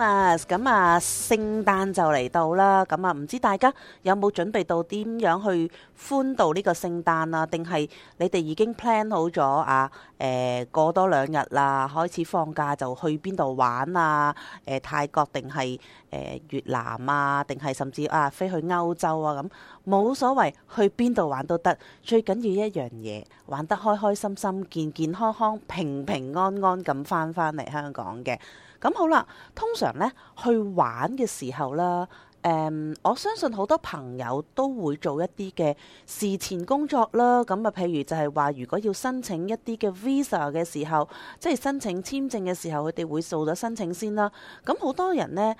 咁啊，聖、嗯、誕就嚟到啦！咁、嗯、啊，唔知大家有冇準備到點樣去歡度呢個聖誕啊？定係你哋已經 plan 好咗啊？誒、呃，過多兩日啦，開始放假就去邊度玩啊？誒、呃，泰國定係誒越南啊？定係甚至啊，飛去歐洲啊？咁冇所謂，去邊度玩都得，最緊要一樣嘢，玩得開開心心、健健康康、平平安安咁翻返嚟香港嘅。咁好啦，通常咧去玩嘅時候啦，誒、嗯，我相信好多朋友都會做一啲嘅事前工作啦。咁、嗯、啊，譬如就係話，如果要申請一啲嘅 visa 嘅時候，即係申請簽證嘅時候，佢哋會做咗申請先啦。咁、嗯、好多人呢，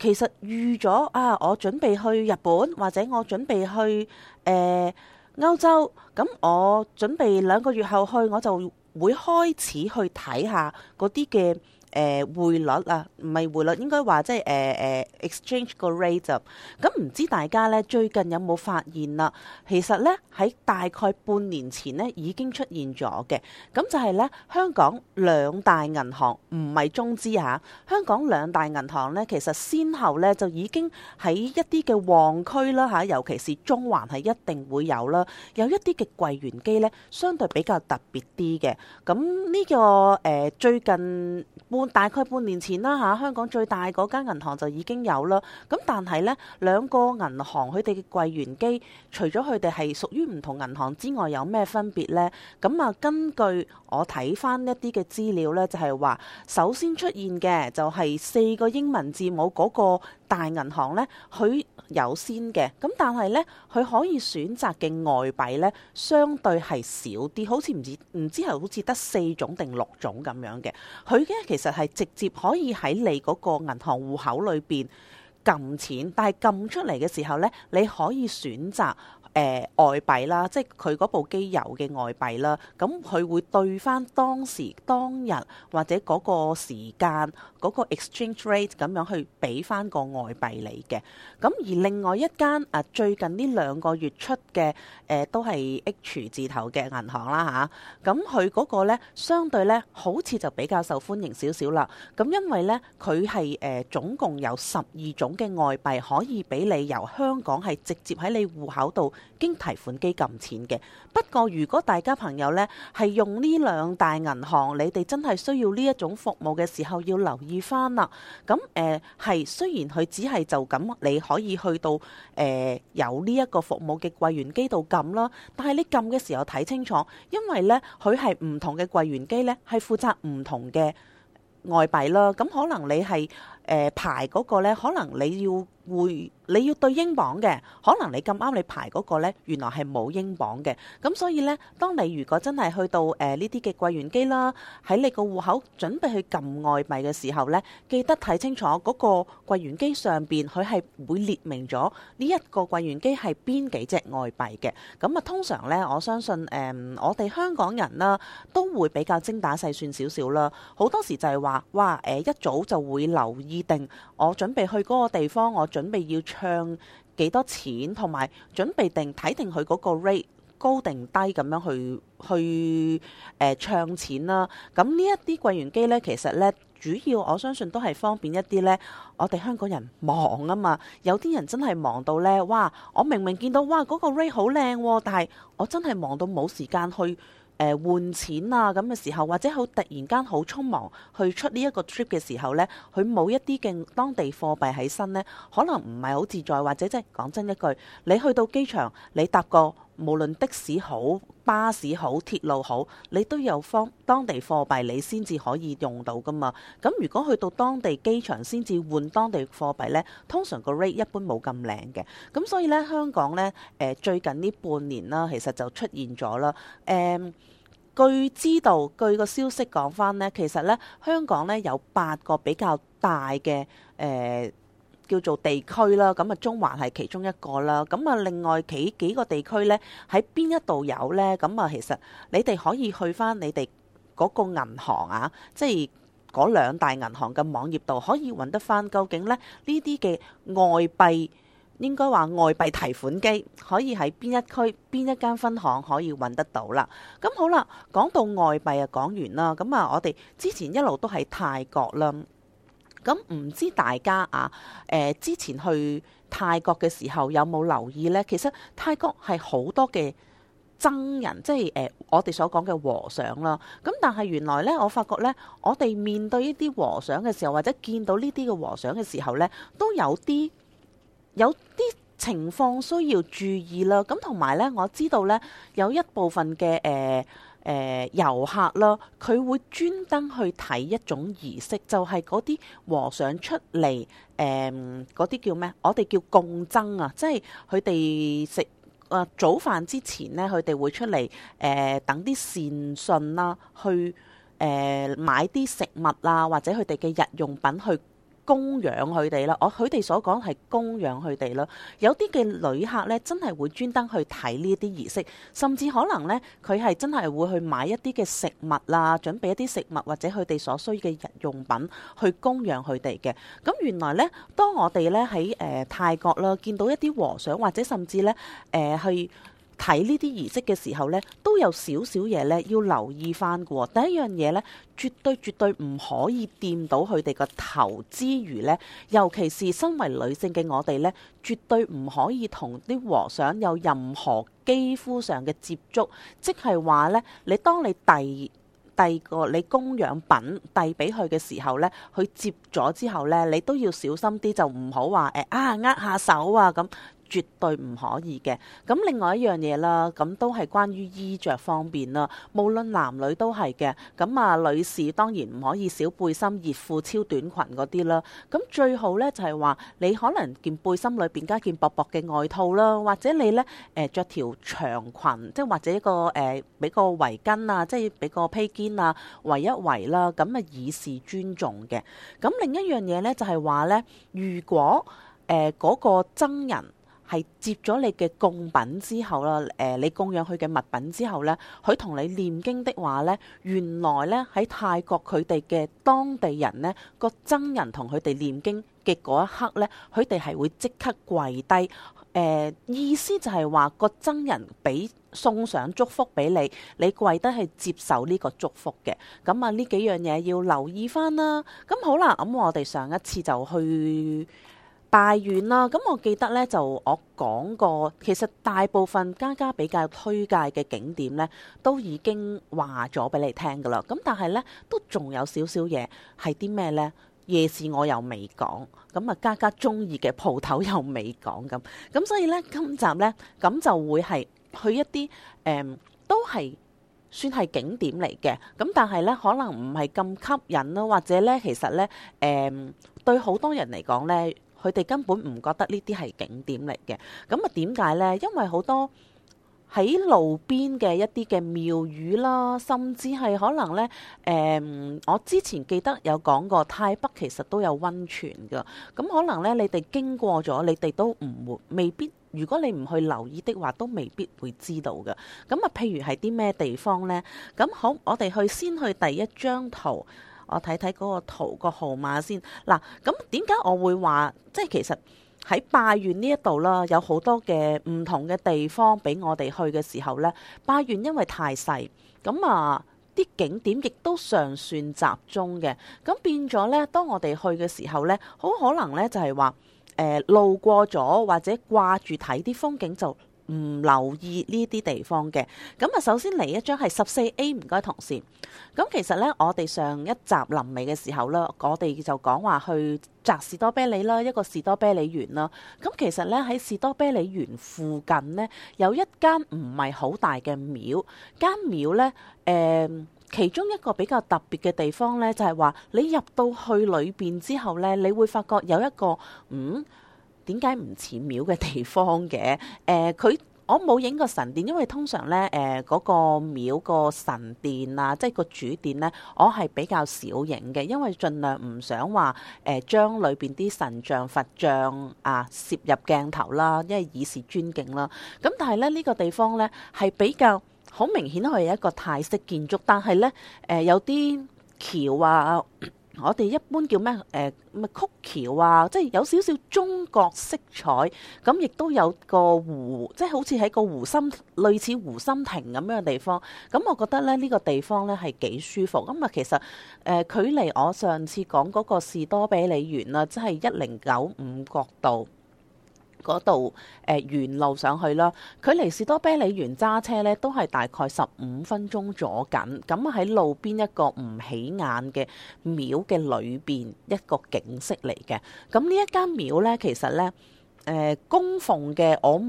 其實預咗啊，我準備去日本或者我準備去誒、呃、歐洲，咁、嗯、我準備兩個月後去，我就會開始去睇下嗰啲嘅。誒、呃、匯率啊，唔係匯率，應該話即係誒誒 exchange 個 rate 咁，啊，唔知大家呢最近有冇發現啦？其實呢，喺大概半年前呢已經出現咗嘅，咁就係呢，香港兩大銀行唔係中資嚇，啊，香港兩大銀行呢，其實先後呢就已經喺一啲嘅旺區啦嚇，尤其是中環係一定會有啦，有一啲嘅櫃員機呢，相對比較特別啲嘅，咁、啊、呢、呢個誒、呃、最近大概半年前啦吓，香港最大嗰間銀行就已經有啦。咁但係咧，兩個銀行佢哋嘅櫃員機除咗佢哋係屬於唔同銀行之外，有咩分別咧？咁啊，根據我睇翻一啲嘅資料咧，就係話，首先出現嘅就係四個英文字母嗰個。大銀行呢，佢有先嘅，咁但係呢，佢可以選擇嘅外幣呢，相對係少啲，好似唔知，唔知係好似得四種定六種咁樣嘅。佢嘅其實係直接可以喺你嗰個銀行戶口裏邊撳錢，但係撳出嚟嘅時候呢，你可以選擇。誒、呃、外幣啦，即係佢嗰部機有嘅外幣啦，咁、嗯、佢會對翻當時當日或者嗰個時間嗰、那個 exchange rate 咁樣去俾翻個外幣你嘅。咁、嗯、而另外一間啊，最近呢兩個月出嘅誒、呃、都係 H 字頭嘅銀行啦吓，咁佢嗰個咧相對呢，好似就比較受歡迎少少啦。咁、嗯、因為呢，佢係誒總共有十二種嘅外幣可以俾你由香港係直接喺你戶口度，經提款機撳錢嘅。不過如果大家朋友呢係用呢兩大銀行，你哋真係需要呢一種服務嘅時候，要留意翻啦。咁誒係雖然佢只係就咁，你可以去到誒、呃、有呢一個服務嘅櫃員機度撳啦。但係你撳嘅時候睇清楚，因為呢，佢係唔同嘅櫃員機呢係負責唔同嘅外幣啦。咁可能你係誒、呃、排嗰個咧，可能你要。會你要對英鎊嘅，可能你咁啱你排嗰個咧，原來係冇英鎊嘅，咁所以呢，當你如果真係去到誒呢啲嘅櫃員機啦，喺你個戶口準備去撳外幣嘅時候呢，記得睇清楚嗰個櫃員機上邊佢係會列明咗呢一個櫃員機係邊幾隻外幣嘅。咁啊，通常呢，我相信誒我哋香港人啦，都會比較精打細算少少啦。好多時就係話，哇，誒一早就會留意定我準備去嗰個地方我。準備要唱幾多錢，同埋準備定睇定佢嗰個 rate 高定低咁樣去去誒、呃、唱錢啦。咁呢一啲櫃員機呢，其實呢主要我相信都係方便一啲呢。我哋香港人忙啊嘛，有啲人真係忙到呢。哇！我明明見到哇嗰、那個 rate 好靚喎，但係我真係忙到冇時間去。誒、呃、換錢啊咁嘅時候，或者好突然間好匆忙去出呢一個 trip 嘅時候咧，佢冇一啲嘅當地貨幣喺身咧，可能唔係好自在，或者即、就、係、是、講真一句，你去到機場，你搭個。無論的士好、巴士好、鐵路好，你都有返當地貨幣，你先至可以用到㗎嘛。咁如果去到當地機場先至換當地貨幣呢，通常個 rate 一般冇咁靚嘅。咁所以呢，香港呢，誒、呃、最近呢半年啦，其實就出現咗啦。誒，據知道據個消息講返呢，其實呢，香港呢有八個比較大嘅誒。呃叫做地區啦，咁啊中環係其中一個啦，咁啊另外幾幾個地區呢，喺邊一度有呢？咁啊其實你哋可以去翻你哋嗰個銀行啊，即係嗰兩大銀行嘅網頁度可以揾得翻，究竟呢呢啲嘅外幣應該話外幣提款機可以喺邊一區邊一間分行可以揾得到啦。咁好啦，講到外幣啊，講完啦，咁啊我哋之前一路都喺泰國啦。咁唔知大家啊，誒、呃、之前去泰國嘅時候有冇留意呢？其實泰國係好多嘅僧人，即係誒、呃、我哋所講嘅和尚啦。咁但係原來呢，我發覺呢，我哋面對呢啲和尚嘅時候，或者見到呢啲嘅和尚嘅時候呢，都有啲有啲情況需要注意啦。咁同埋呢，我知道呢有一部分嘅誒、呃誒、呃、遊客啦，佢會專登去睇一種儀式，就係嗰啲和尚出嚟，誒嗰啲叫咩？我哋叫供僧啊，即係佢哋食啊早飯之前咧，佢哋會出嚟誒、呃、等啲善信啦、啊，去誒、呃、買啲食物啊，或者佢哋嘅日用品去。供養佢哋啦，我佢哋所講係供養佢哋啦。有啲嘅旅客呢，真係會專登去睇呢啲儀式，甚至可能呢，佢係真係會去買一啲嘅食物啦，準備一啲食物或者佢哋所需嘅日用品去供養佢哋嘅。咁原來呢，當我哋呢喺誒、呃、泰國啦，見到一啲和尚或者甚至呢誒、呃、去。睇呢啲儀式嘅時候呢，都有少少嘢呢要留意翻㗎喎。第一樣嘢呢，絕對絕對唔可以掂到佢哋個頭之餘呢，尤其是身為女性嘅我哋呢，絕對唔可以同啲和尚有任何肌膚上嘅接觸。即係話呢，你當你遞遞個你供養品遞俾佢嘅時候呢，佢接咗之後呢，你都要小心啲，就唔好話誒啊握下手啊咁。絕對唔可以嘅。咁另外一樣嘢啦，咁都係關於衣着方面啦。無論男女都係嘅。咁啊，女士當然唔可以小背心、熱褲、超短裙嗰啲啦。咁最好呢，就係話，你可能件背心裏邊加件薄薄嘅外套啦，或者你呢誒著條長裙，即係或者一個誒俾個圍巾啊，即係俾個披肩啊圍一圍啦。咁啊，咪以示尊重嘅。咁另一樣嘢呢，就係話呢，如果誒嗰個僧人。係接咗你嘅供品之後啦，誒、呃，你供養佢嘅物品之後呢，佢同你念經的話呢，原來呢喺泰國佢哋嘅當地人呢個僧人同佢哋念經嘅嗰一刻呢，佢哋係會即刻跪低，誒、呃，意思就係話個僧人俾送上祝福俾你，你跪低去接受呢個祝福嘅。咁啊，呢幾樣嘢要留意翻啦。咁、嗯、好啦，咁我哋上一次就去大院啦，咁我記得呢，就我講過，其實大部分家家比較推介嘅景點呢，都已經話咗俾你聽噶啦。咁但係呢，都仲有少少嘢係啲咩呢？夜市我又未講，咁啊家家中意嘅鋪頭又未講咁。咁所以呢，今集呢，咁就會係去一啲誒、嗯，都係算係景點嚟嘅。咁但係呢，可能唔係咁吸引咯，或者呢，其實呢，誒、嗯、對好多人嚟講呢。佢哋根本唔覺得呢啲係景點嚟嘅，咁啊點解呢？因為好多喺路邊嘅一啲嘅廟宇啦，甚至係可能呢，誒、嗯，我之前記得有講過，泰北其實都有溫泉㗎，咁可能呢，你哋經過咗，你哋都唔會未必，如果你唔去留意嘅話，都未必會知道嘅。咁啊，譬如係啲咩地方呢？咁好，我哋去先去第一張圖。我睇睇嗰個圖個號碼先。嗱，咁點解我會話，即係其實喺拜縣呢一度啦，有好多嘅唔同嘅地方俾我哋去嘅時候呢，拜縣因為太細，咁啊啲景點亦都尚算集中嘅，咁變咗呢，當我哋去嘅時候呢，好可能呢就係話，誒，路過咗或者掛住睇啲風景就。唔留意呢啲地方嘅，咁啊首先嚟一張係十四 A 唔該，同事。咁其實呢，我哋上一集臨尾嘅時候咧，我哋就講話去摘士多啤梨啦，一個士多啤梨園啦。咁其實呢，喺士多啤梨園附近呢，有一間唔係好大嘅廟。間廟呢，誒、呃，其中一個比較特別嘅地方呢，就係、是、話你入到去裏邊之後呢，你會發覺有一個嗯。點解唔似廟嘅地方嘅？誒、呃，佢我冇影過神殿，因為通常咧誒嗰個廟個神殿啊，即係個主殿咧、啊，我係比較少影嘅，因為盡量唔想話誒、呃、將裏邊啲神像佛像啊攝入鏡頭啦，因為以示尊敬啦。咁但係咧呢、這個地方咧係比較好明顯，係一個泰式建築，但係咧誒有啲橋啊。呃我哋一般叫咩？誒、呃，曲橋啊，即係有少少中國色彩，咁亦都有個湖，即係好似喺個湖心，類似湖心亭咁樣地方。咁我覺得咧，呢、這個地方咧係幾舒服。咁、嗯、啊，其實誒、呃，距離我上次講嗰個士多啤梨園啦，即係一零九五國道。嗰度誒沿路上去啦，距離士多啤梨園揸車呢都係大概十五分鐘左緊。咁喺路邊一個唔起眼嘅廟嘅裏邊一個景色嚟嘅。咁呢一間廟呢，其實呢誒、呃、供奉嘅我。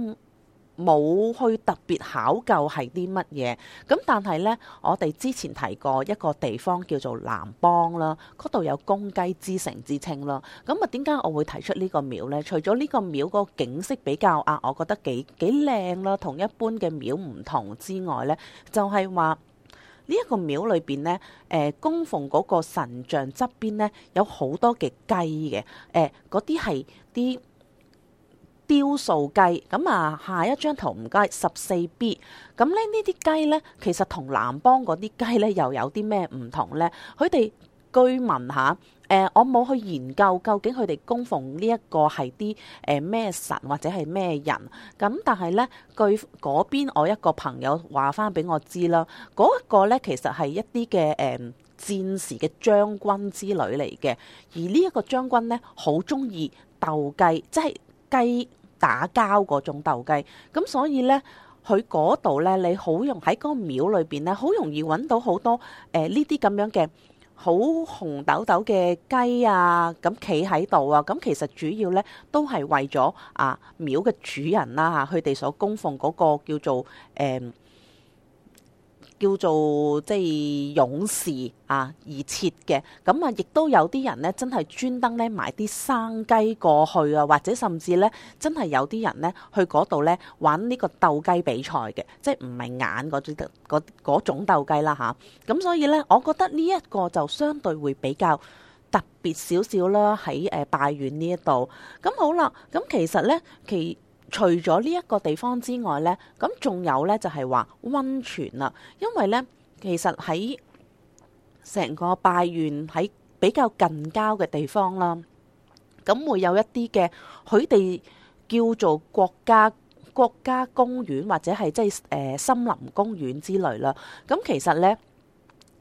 冇去特別考究係啲乜嘢，咁但係呢，我哋之前提過一個地方叫做南邦啦，嗰度有公雞之城之稱啦。咁啊，點解我會提出呢個廟呢？除咗呢個廟個景色比較啊，我覺得幾幾靚啦，同一般嘅廟唔同之外呢，就係話呢一個廟裏邊呢，誒、呃、供奉嗰個神像側邊呢，有好多嘅雞嘅，誒嗰啲係啲。雕塑雞咁啊！下一張圖唔該，十四 B。咁咧呢啲雞呢，其實同南邦嗰啲雞呢，又有啲咩唔同呢？佢哋據聞下，誒、呃、我冇去研究究竟佢哋供奉呢一個係啲誒咩神或者係咩人。咁但係呢，據嗰邊我一個朋友話翻俾我知啦，嗰、那個呢，其實係一啲嘅誒戰時嘅將軍之類嚟嘅，而呢一個將軍呢，好中意鬥雞，即係雞。打交嗰種鬥雞，咁所以呢，佢嗰度呢，你好容喺嗰廟裏邊呢，好容易揾到好多誒呢啲咁樣嘅好紅豆豆嘅雞啊，咁企喺度啊，咁其實主要呢都係為咗啊廟嘅主人啦、啊、嚇，佢哋所供奉嗰、那個叫做誒。呃叫做即係勇士啊而設嘅，咁啊亦都有啲人呢，真係專登呢買啲生雞過去啊，或者甚至呢，真係有啲人呢去嗰度呢玩呢個鬥雞比賽嘅，即係唔係眼嗰啲鬥種鬥雞啦吓，咁、啊、所以呢，我覺得呢一個就相對會比較特別少少啦，喺誒、呃、拜縣呢一度。咁、嗯、好啦，咁、嗯、其實呢，。其。除咗呢一個地方之外呢，咁仲有呢，就係話温泉啦，因為呢，其實喺成個拜縣喺比較近郊嘅地方啦，咁會有一啲嘅佢哋叫做國家國家公園或者係即係誒森林公園之類啦，咁其實呢。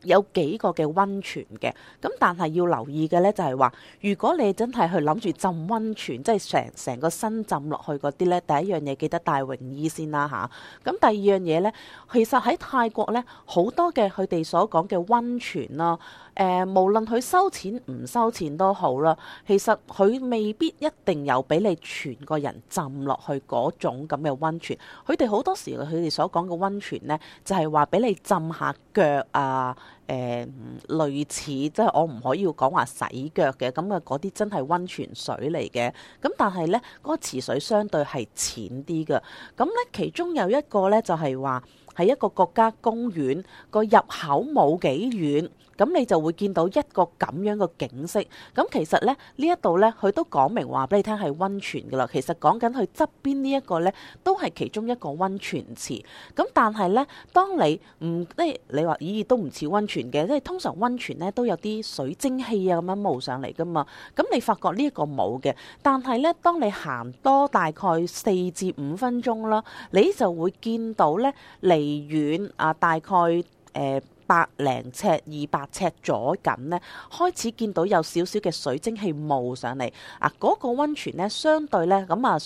有幾個嘅温泉嘅，咁但係要留意嘅呢，就係話如果你真係去諗住浸温泉，即係成成個身浸落去嗰啲呢，第一樣嘢記得帶泳衣先啦吓，咁、啊、第二樣嘢呢，其實喺泰國呢，好多嘅佢哋所講嘅温泉啦，誒、呃、無論佢收錢唔收錢都好啦，其實佢未必一定有俾你全個人浸落去嗰種咁嘅温泉。佢哋好多時佢哋所講嘅温泉呢，就係話俾你浸下腳啊～誒，類似即係我唔可以講話洗腳嘅，咁嘅嗰啲真係溫泉水嚟嘅。咁，但係呢個池水相對係淺啲嘅。咁呢，其中有一個呢，就係話係一個國家公園個入口冇幾遠。咁你就會見到一個咁樣嘅景色。咁其實咧，呢一度呢，佢都講明話俾你聽係温泉㗎喇。其實講緊佢側邊呢一個呢，都係其中一個温泉池。咁但係呢，當你唔即係你話咦、哎、都唔似温泉嘅，即係通常温泉呢都有啲水蒸氣啊咁樣冒上嚟噶嘛。咁你發覺呢一個冇嘅，但係呢，當你行多大概四至五分鐘啦，你就會見到呢離遠啊，大概誒。呃百零尺、二百尺左近呢，開始見到有少少嘅水蒸氣冒上嚟啊！嗰、那個温泉呢，相對呢，咁啊，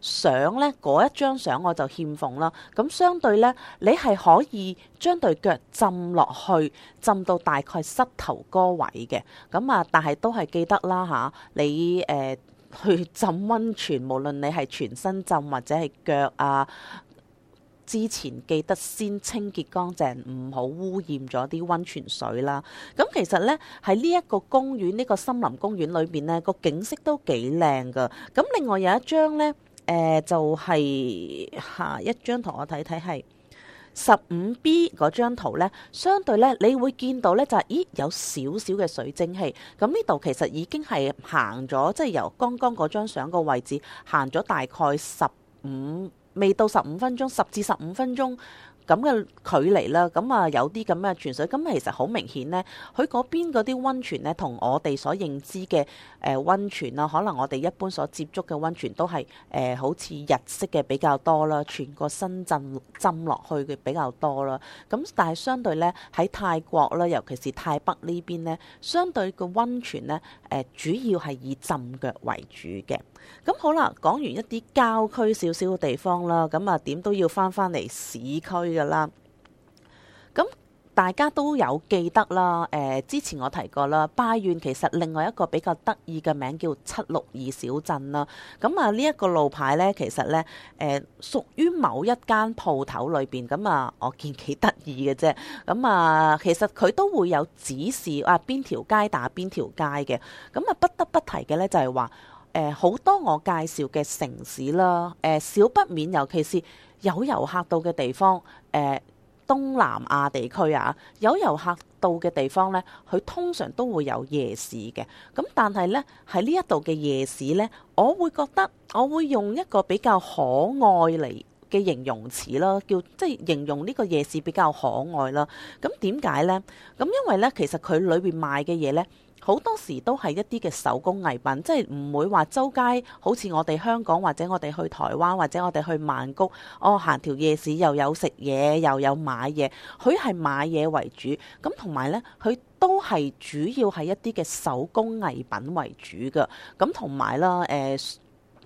相呢嗰一張相我就欠奉啦。咁、啊、相對呢，你係可以將對腳浸落去，浸到大概膝頭哥位嘅。咁啊，但係都係記得啦吓、啊，你誒、呃、去浸温泉，無論你係全身浸或者係腳啊。之前記得先清潔乾淨，唔好污染咗啲溫泉水啦。咁其實呢，喺呢一個公園、呢、呢個森林公園裏面呢個景色都幾靚噶。咁另外有一張呢，誒、呃、就係、是、下、啊、一張圖我睇睇，我睇睇係十五 B 嗰張圖呢，相對呢，你會見到呢，就係、是、咦有少少嘅水蒸氣。咁呢度其實已經係行咗，即、就、係、是、由剛剛嗰張相個位置行咗大概十五。未到十五分鐘，十至十五分鐘咁嘅距離啦。咁啊，有啲咁嘅泉水，咁其實好明顯呢，佢嗰邊嗰啲溫泉呢，同我哋所認知嘅誒溫泉啦，可能我哋一般所接觸嘅溫泉都係誒、呃、好似日式嘅比較多啦，全個身浸浸落去嘅比較多啦。咁但係相對呢，喺泰國啦，尤其是泰北呢邊呢，相對嘅溫泉呢，誒主要係以浸腳為主嘅。咁好啦，講完一啲郊區少少嘅地方啦，咁啊點都要翻翻嚟市區噶啦。咁大家都有記得啦。誒，之前我提過啦，拜縣其實另外一個比較得意嘅名叫七六二小鎮啦。咁啊，呢、這、一個路牌呢，其實呢誒屬於某一間鋪頭裏邊咁啊，我見幾得意嘅啫。咁啊，其實佢都會有指示啊，邊條街打邊條街嘅。咁啊，不得不提嘅呢就係、是、話。誒好多我介紹嘅城市啦，誒少不免尤其是有遊客到嘅地方，誒東南亞地區啊，有遊客到嘅地方呢，佢通常都會有夜市嘅。咁但係呢，喺呢一度嘅夜市呢，我會覺得我會用一個比較可愛嚟嘅形容詞啦，叫即係、就是、形容呢個夜市比較可愛啦。咁點解呢？咁因為呢，其實佢裏邊賣嘅嘢呢。好多時都係一啲嘅手工藝品，即係唔會話周街好似我哋香港或者我哋去台灣或者我哋去曼谷，哦行條夜市又有食嘢又有買嘢，佢係買嘢為主，咁同埋呢，佢都係主要係一啲嘅手工藝品為主嘅，咁同埋啦誒。呃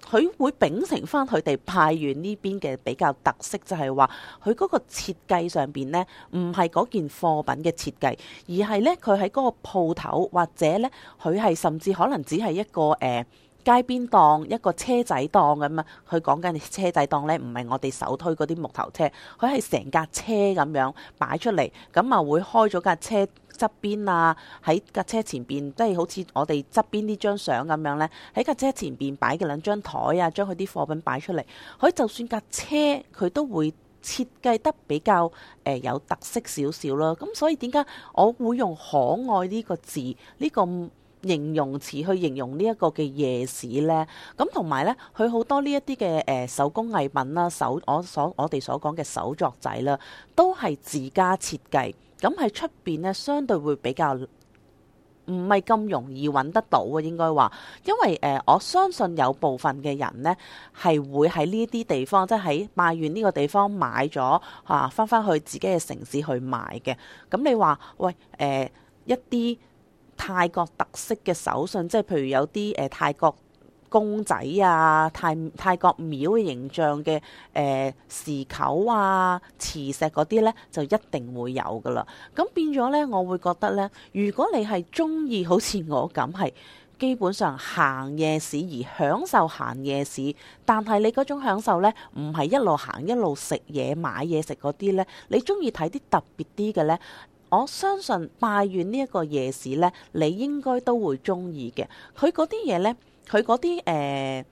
佢會秉承翻佢哋拜縣呢邊嘅比較特色就，就係話佢嗰個設計上面呢，唔係嗰件貨品嘅設計，而係呢，佢喺嗰個鋪頭或者呢，佢係甚至可能只係一個誒、呃、街邊檔一個車仔檔咁啊。佢講緊你車仔檔呢，唔係我哋手推嗰啲木頭車，佢係成架車咁樣擺出嚟，咁啊會開咗架車。側邊啊，喺架車前邊，即係好似我哋側邊呢張相咁樣呢，喺架車前邊擺嘅兩張台啊，將佢啲貨品擺出嚟。佢就算架車佢都會設計得比較誒、呃、有特色少少啦。咁所以點解我會用可愛呢個字呢、呢個形容詞去形容呢一個嘅夜市呢？咁同埋呢，佢好多呢一啲嘅誒手工藝品啦、手我所我哋所講嘅手作仔啦，都係自家設計。咁喺出邊咧，相對會比較唔係咁容易揾得到嘅，應該話，因為誒、呃、我相信有部分嘅人咧，係會喺呢啲地方，即係喺曼聯呢個地方買咗啊，翻翻去自己嘅城市去買嘅。咁、嗯、你話，喂誒、呃、一啲泰國特色嘅手信，即係譬如有啲誒、呃、泰國。公仔啊，泰泰國廟嘅形象嘅誒匙扣啊、磁石嗰啲呢，就一定會有㗎喇。咁變咗呢，我會覺得呢，如果你係中意好似我咁係基本上行夜市而享受行夜市，但係你嗰種享受呢，唔係一路行一路食嘢買嘢食嗰啲呢，你中意睇啲特別啲嘅呢。我相信拜縣呢一個夜市呢，你應該都會中意嘅。佢嗰啲嘢呢。佢嗰啲誒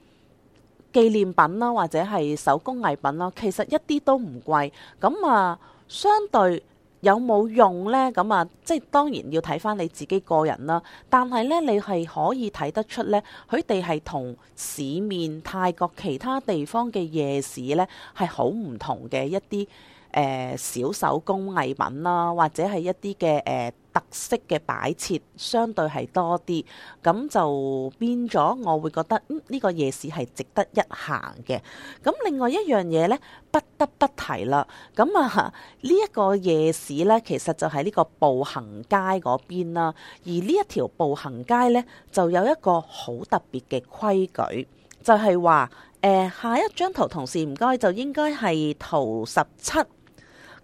紀念品啦，或者係手工藝品啦，其實一啲都唔貴，咁啊，相對有冇用咧？咁啊，即係當然要睇翻你自己個人啦。但係咧，你係可以睇得出咧，佢哋係同市面泰國其他地方嘅夜市咧係好唔同嘅一啲誒、呃、小手工藝品啦，或者係一啲嘅誒。呃特色嘅擺設相對係多啲，咁就變咗，我會覺得呢個夜市係值得一行嘅。咁另外一樣嘢呢，不得不提啦。咁啊，呢、這、一個夜市呢，其實就喺呢個步行街嗰邊啦。而呢一條步行街呢，就有一個好特別嘅規矩，就係話誒下一張圖，同事唔該就應該係圖十七。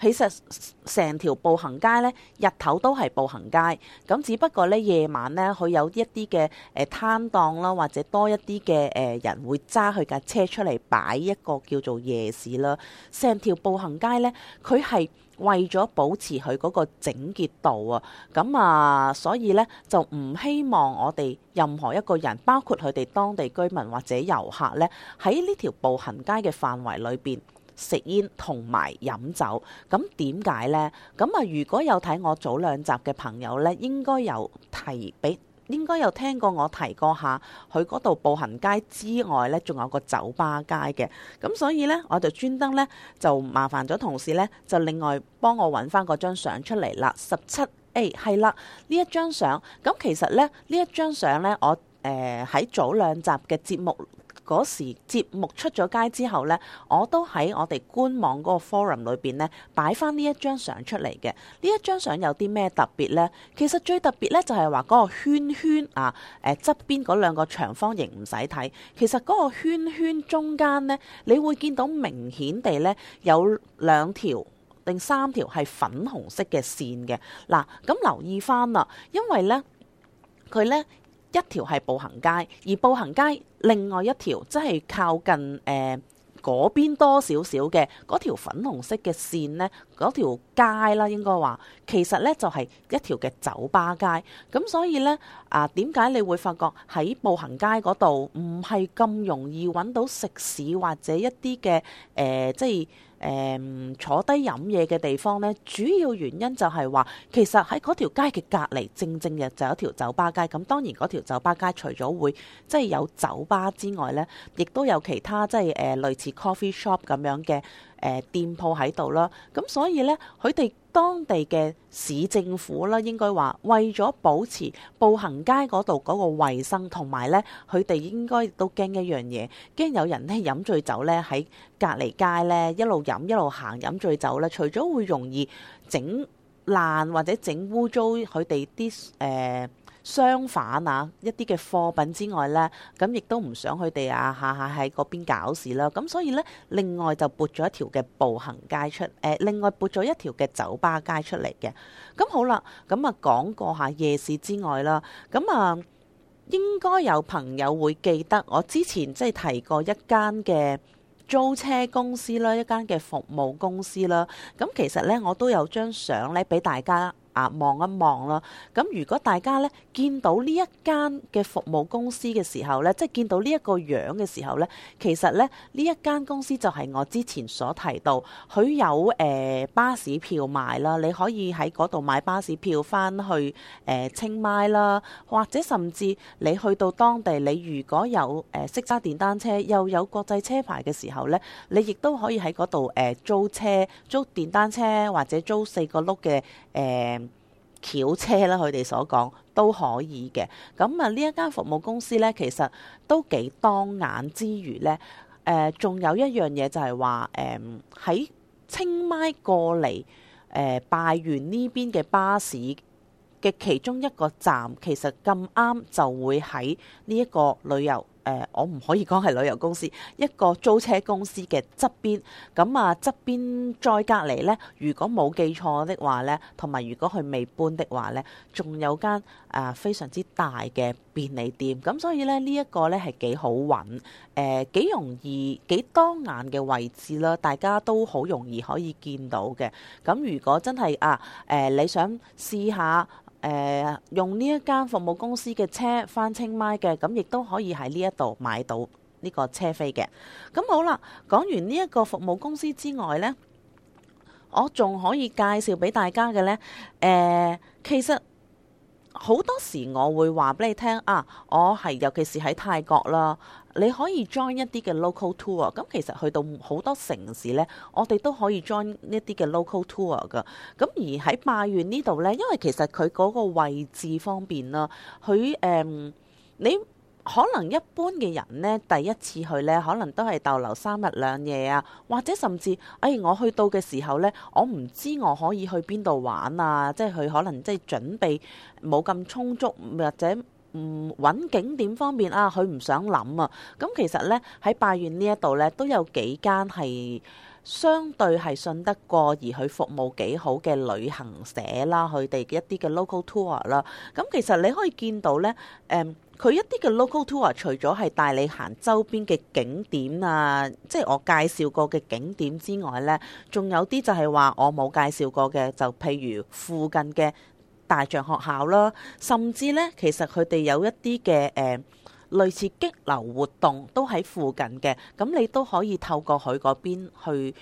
其實成條步行街呢，日頭都係步行街，咁只不過呢，夜晚呢，佢有一啲嘅誒攤檔啦，或者多一啲嘅誒人會揸佢架車出嚟擺一個叫做夜市啦。成條步行街呢，佢係為咗保持佢嗰個整潔度啊，咁啊，所以呢，就唔希望我哋任何一個人，包括佢哋當地居民或者遊客呢，喺呢條步行街嘅範圍裏邊，食煙同埋飲酒，咁點解呢？咁啊，如果有睇我早兩集嘅朋友呢，應該有提，俾應該有聽過我提過下，佢嗰度步行街之外呢，仲有個酒吧街嘅。咁所以呢，我就專登呢，就麻煩咗同事呢，就另外幫我揾翻嗰張相出嚟啦。十七 A 係啦，呢一張相，咁其實呢，呢一張相呢，我誒喺、呃、早兩集嘅節目。嗰時節目出咗街之後呢，我都喺我哋官網嗰個 forum 裏邊呢，擺翻呢一張相出嚟嘅。呢一張相有啲咩特別呢？其實最特別呢，就係話嗰個圈圈啊，誒側邊嗰兩個長方形唔使睇，其實嗰個圈圈中間呢，你會見到明顯地呢有兩條定三條係粉紅色嘅線嘅。嗱，咁留意翻啦，因為呢，佢呢。一條係步行街，而步行街另外一條即係靠近誒嗰、呃、邊多少少嘅嗰條粉紅色嘅線呢。嗰條街啦，應該話，其實呢就係、是、一條嘅酒吧街。咁所以呢，啊，點解你會發覺喺步行街嗰度唔係咁容易揾到食肆或者一啲嘅誒即係。誒、um, 坐低飲嘢嘅地方呢，主要原因就係話，其實喺嗰條街嘅隔離，正正嘅就有一條酒吧街。咁當然嗰條酒吧街除咗會即係、就是、有酒吧之外呢，亦都有其他即係誒類似 coffee shop 咁樣嘅誒、呃、店鋪喺度啦。咁所以呢，佢哋。當地嘅市政府啦，應該話為咗保持步行街嗰度嗰個衞生，同埋呢，佢哋應該都驚一樣嘢，驚有人呢飲醉酒呢，喺隔離街呢，一路飲一路行，飲醉酒呢，除咗會容易整爛或者整污糟佢哋啲誒。呃相反啊，一啲嘅貨品之外呢，咁亦都唔想佢哋啊下下喺嗰邊搞事啦。咁所以呢，另外就撥咗一條嘅步行街出，誒、呃，另外撥咗一條嘅酒吧街出嚟嘅。咁、嗯、好啦，咁、嗯、啊講過下夜市之外啦，咁、嗯、啊應該有朋友會記得我之前即係提過一間嘅租車公司啦，一間嘅服務公司啦。咁、嗯、其實呢，我都有張相呢俾大家。啊，望一望咯。咁如果大家咧見到呢一間嘅服務公司嘅時候咧，即係見到呢一個樣嘅時候咧，其實咧呢一間公司就係我之前所提到，佢有誒、呃、巴士票賣啦，你可以喺嗰度買巴士票翻去誒、呃、清邁啦，或者甚至你去到當地，你如果有誒識揸電單車，又有國際車牌嘅時候咧，你亦都可以喺嗰度誒租車、租電單車或者租四個轆嘅誒、呃轎車啦，佢哋所講都可以嘅。咁啊，呢一間服務公司呢，其實都幾當眼之餘呢。誒、呃，仲有一樣嘢就係話誒，喺、呃、清邁過嚟誒、呃、拜縣呢邊嘅巴士嘅其中一個站，其實咁啱就會喺呢一個旅遊。誒、呃，我唔可以講係旅遊公司，一個租車公司嘅側邊，咁啊側邊再隔離呢，如果冇記錯的話呢，同埋如果佢未搬的話呢，仲有間啊、呃、非常之大嘅便利店，咁所以呢，呢、這、一個呢係幾好揾，誒、呃、幾容易幾當眼嘅位置啦，大家都好容易可以見到嘅，咁如果真係啊誒、呃、你想試下。誒、呃，用呢一間服務公司嘅車返清邁嘅，咁亦都可以喺呢一度買到呢個車飛嘅。咁好啦，講完呢一個服務公司之外呢，我仲可以介紹俾大家嘅呢。誒、呃，其實。好多時我會話俾你聽啊，我係尤其是喺泰國啦，你可以 join 一啲嘅 local tour、嗯。咁其實去到好多城市呢，我哋都可以 join 一啲嘅 local tour 噶。咁、嗯、而喺拜縣呢度呢，因為其實佢嗰個位置方便啦，佢誒、嗯、你。可能一般嘅人呢，第一次去呢，可能都係逗留三日兩夜啊，或者甚至，誒、哎、我去到嘅時候呢，我唔知我可以去邊度玩啊，即係佢可能即係準備冇咁充足，或者唔搵景點方面啊，佢唔想諗啊。咁、嗯、其實呢，喺拜縣呢一度呢，都有幾間係相對係信得過而佢服務幾好嘅旅行社啦，佢哋嘅一啲嘅 local tour 啦。咁、嗯、其實你可以見到呢。誒、嗯。佢一啲嘅 local tour 除咗係帶你行周邊嘅景點啊，即係我介紹過嘅景點之外咧，仲有啲就係話我冇介紹過嘅，就譬如附近嘅大象學校啦，甚至咧其實佢哋有一啲嘅誒類似激流活動都喺附近嘅，咁、嗯、你都可以透過佢嗰邊去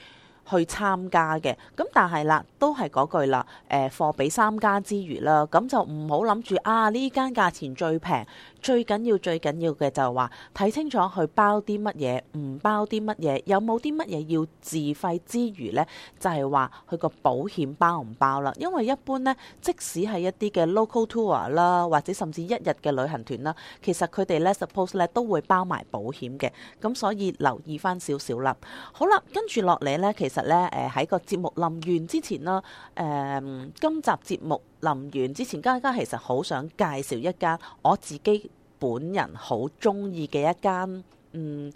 去參加嘅。咁、嗯、但係啦，都係嗰句啦，誒、呃、貨比三家之餘啦，咁、嗯、就唔好諗住啊呢間價錢最平。最緊要最緊要嘅就係話睇清楚佢包啲乜嘢，唔包啲乜嘢，有冇啲乜嘢要自費之餘呢，就係話佢個保險包唔包啦。因為一般呢，即使係一啲嘅 local tour 啦，或者甚至一日嘅旅行團啦，其實佢哋呢 suppose 咧都會包埋保險嘅。咁所以留意翻少少啦。好啦，跟住落嚟呢，其實呢，誒、呃、喺個節目臨完之前啦，誒、呃、今集節目。臨完之前家家其實好想介紹一間我自己本人好中意嘅一間，嗯，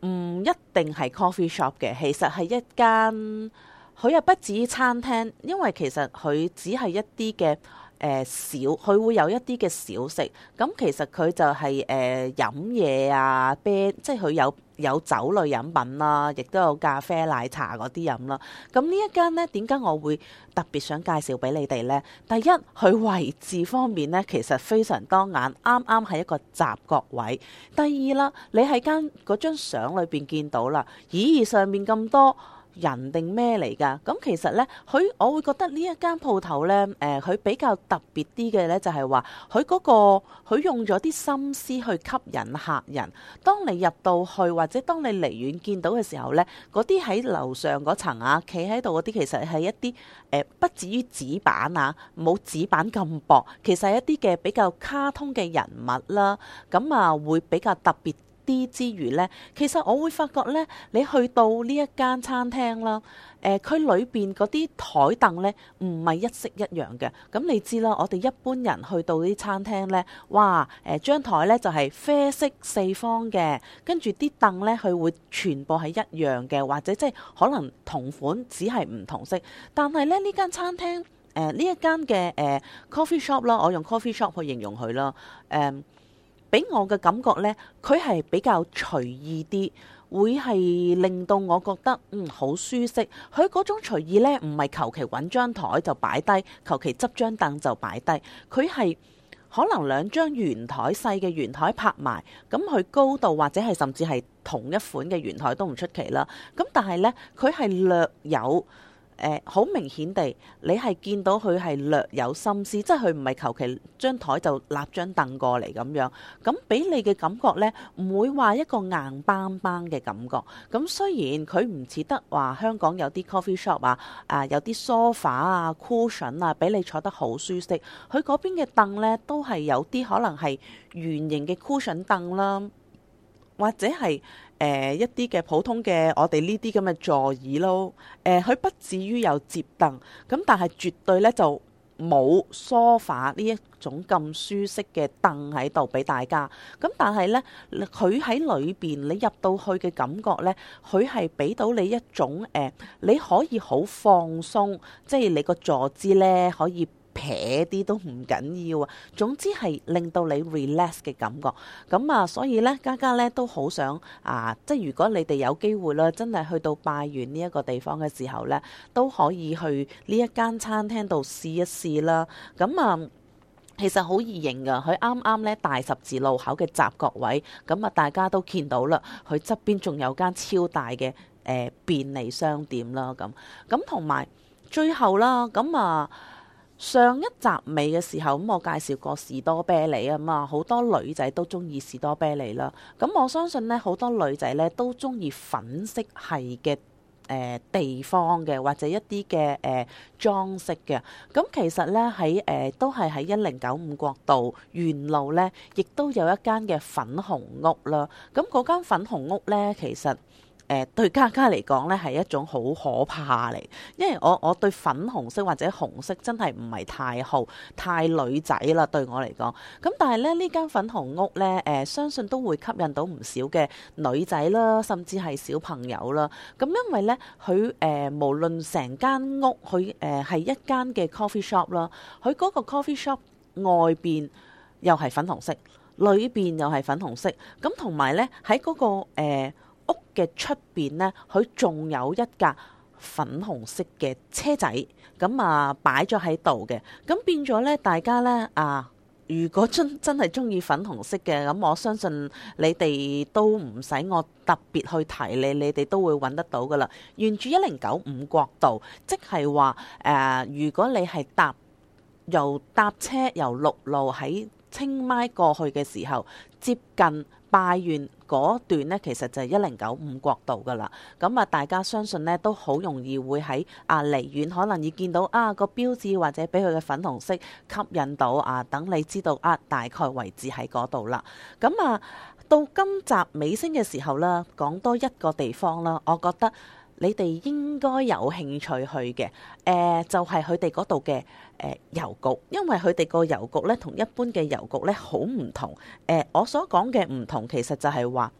唔、嗯、一定係 coffee shop 嘅，其實係一間佢又不止餐廳，因為其實佢只係一啲嘅誒小，佢會有一啲嘅小食，咁、嗯、其實佢就係、是、誒、呃、飲嘢啊，啤，即係佢有。有酒類飲品啦，亦都有咖啡、奶茶嗰啲飲啦。咁呢一間呢，點解我會特別想介紹俾你哋呢？第一，佢位置方面呢，其實非常當眼，啱啱係一個雜角位。第二啦，你喺間嗰張相裏邊見到啦，咦？上面咁多。人定咩嚟㗎？咁其實呢，佢我會覺得呢一間鋪頭呢，誒、呃、佢比較特別啲嘅呢，就係話佢嗰個佢用咗啲心思去吸引客人。當你入到去或者當你離遠見到嘅時候呢，嗰啲喺樓上嗰層啊，企喺度嗰啲其實係一啲誒、呃，不至於紙板啊，冇紙板咁薄，其實係一啲嘅比較卡通嘅人物啦，咁啊會比較特別。啲之餘呢，其實我會發覺呢，你去到呢一間餐廳啦，誒、呃，佢裏邊嗰啲台凳呢，唔係一式一樣嘅。咁你知啦，我哋一般人去到啲餐廳呢，哇，誒張台呢就係、是、啡色四方嘅，跟住啲凳呢，佢會全部係一樣嘅，或者即係可能同款只係唔同色。但係呢呢間餐廳，誒、呃、呢一間嘅誒 coffee shop 啦，我用 coffee shop 去形容佢啦，誒、呃。俾我嘅感覺呢，佢係比較隨意啲，會係令到我覺得嗯好舒適。佢嗰種隨意呢，唔係求其揾張台就擺低，求其執張凳就擺低。佢係可能兩張圓台細嘅圓台拍埋，咁佢高度或者係甚至係同一款嘅圓台都唔出奇啦。咁但係呢，佢係略有。誒，好、uh，明顯地，你係見到佢係略有心思，即係佢唔係求其張枱就立張凳過嚟咁樣。咁俾你嘅感覺呢，唔會話一個硬邦邦嘅感覺。咁雖然佢唔似得話香港有啲 coffee shop 啊，啊有啲 sofa 啊、cushion 啊，俾你坐得好舒適。佢嗰邊嘅凳呢，都係有啲可能係圓形嘅 cushion 凳啦，或者係。誒、呃、一啲嘅普通嘅我哋呢啲咁嘅座椅咯，誒、呃、佢不至於有折凳，咁但係絕對咧就冇梳化呢一種咁舒適嘅凳喺度俾大家。咁但係咧，佢喺裏邊你入到去嘅感覺咧，佢係俾到你一種誒、呃、你可以好放鬆，即、就、係、是、你個坐姿咧可以。撇啲都唔緊要啊，總之係令到你 relax 嘅感覺咁啊，所以呢，家家呢都好想啊，即係如果你哋有機會啦，真係去到拜縣呢一個地方嘅時候呢，都可以去呢一間餐廳度試一試啦。咁啊，其實好易認噶，佢啱啱呢大十字路口嘅雜角位，咁啊，大家都見到啦。佢側邊仲有間超大嘅誒、呃、便利商店啦，咁咁同埋最後啦，咁啊。上一集尾嘅時候，咁我介紹過士多啤梨啊嘛，好多女仔都中意士多啤梨啦。咁我相信呢，好多女仔呢都中意粉色系嘅、誒、呃、地方嘅，或者一啲嘅誒裝飾嘅。咁、呃、其實呢，喺誒、呃、都係喺一零九五國道沿路呢，亦都有一間嘅粉紅屋啦。咁嗰間粉紅屋呢，其實。誒、呃、對家家嚟講咧，係一種好可怕嚟，因為我我對粉紅色或者紅色真係唔係太好太女仔啦。對我嚟講，咁但係咧呢間粉紅屋咧誒、呃，相信都會吸引到唔少嘅女仔啦，甚至係小朋友啦。咁因為咧佢，誒無論成間屋佢，誒係一間嘅 coffee shop 啦，佢嗰個 coffee shop 外邊又係粉紅色，裏邊又係粉紅色，咁同埋咧喺嗰個、呃嘅出邊呢，佢仲有一架粉紅色嘅車仔，咁啊擺咗喺度嘅，咁變咗呢，大家呢，啊，如果真真係中意粉紅色嘅，咁我相信你哋都唔使我特別去提你，你哋都會揾得到噶啦。沿住一零九五國道，即係話誒，如果你係搭由搭車由陸路喺清邁過去嘅時候，接近拜縣嗰段呢，其實就係一零九五國道㗎喇。咁啊，大家相信呢都好容易會喺啊離遠可能已見到啊個標誌或者俾佢嘅粉紅色吸引到啊，等你知道啊大概位置喺嗰度啦。咁啊，到今集尾聲嘅時候啦，講多一個地方啦，我覺得。你哋應該有興趣去嘅，誒、呃、就係佢哋嗰度嘅誒郵局，因為佢哋個郵局咧同一般嘅郵局咧好唔同。誒、呃、我所講嘅唔同，其實就係話，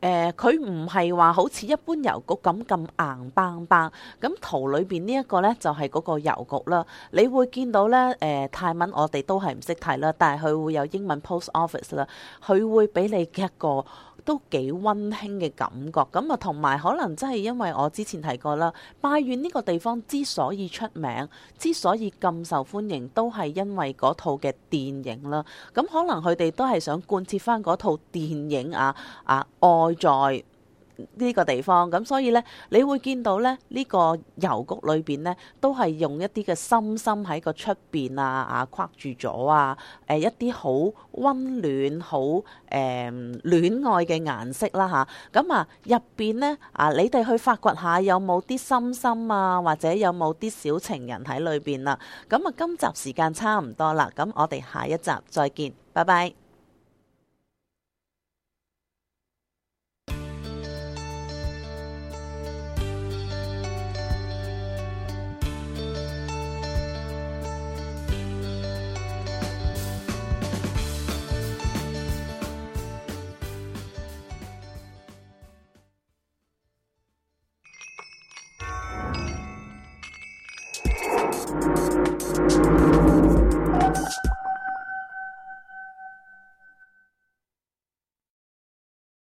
誒佢唔係話好似一般郵局咁咁硬邦邦。咁圖裏邊呢一、就是、個咧就係嗰個郵局啦。你會見到咧，誒、呃、泰文我哋都係唔識睇啦，但係佢會有英文 post office 啦，佢會俾你一個，都幾温馨嘅感覺，咁啊同埋可能真係因為我之前提過啦，拜縣呢個地方之所以出名，之所以咁受歡迎，都係因為嗰套嘅電影啦。咁可能佢哋都係想貫徹翻嗰套電影啊啊愛在。呢個地方咁，所以呢，你會見到咧，呢、這個郵局裏邊呢，都係用一啲嘅心心喺個出邊啊啊框住咗啊，誒、啊啊呃、一啲好温暖好誒、呃、戀愛嘅顏色啦、啊、吓，咁啊入邊、啊、呢，啊，你哋去發掘下有冇啲心心啊，或者有冇啲小情人喺裏邊啦。咁啊，今、啊、集時間差唔多啦，咁我哋下一集再見，拜拜。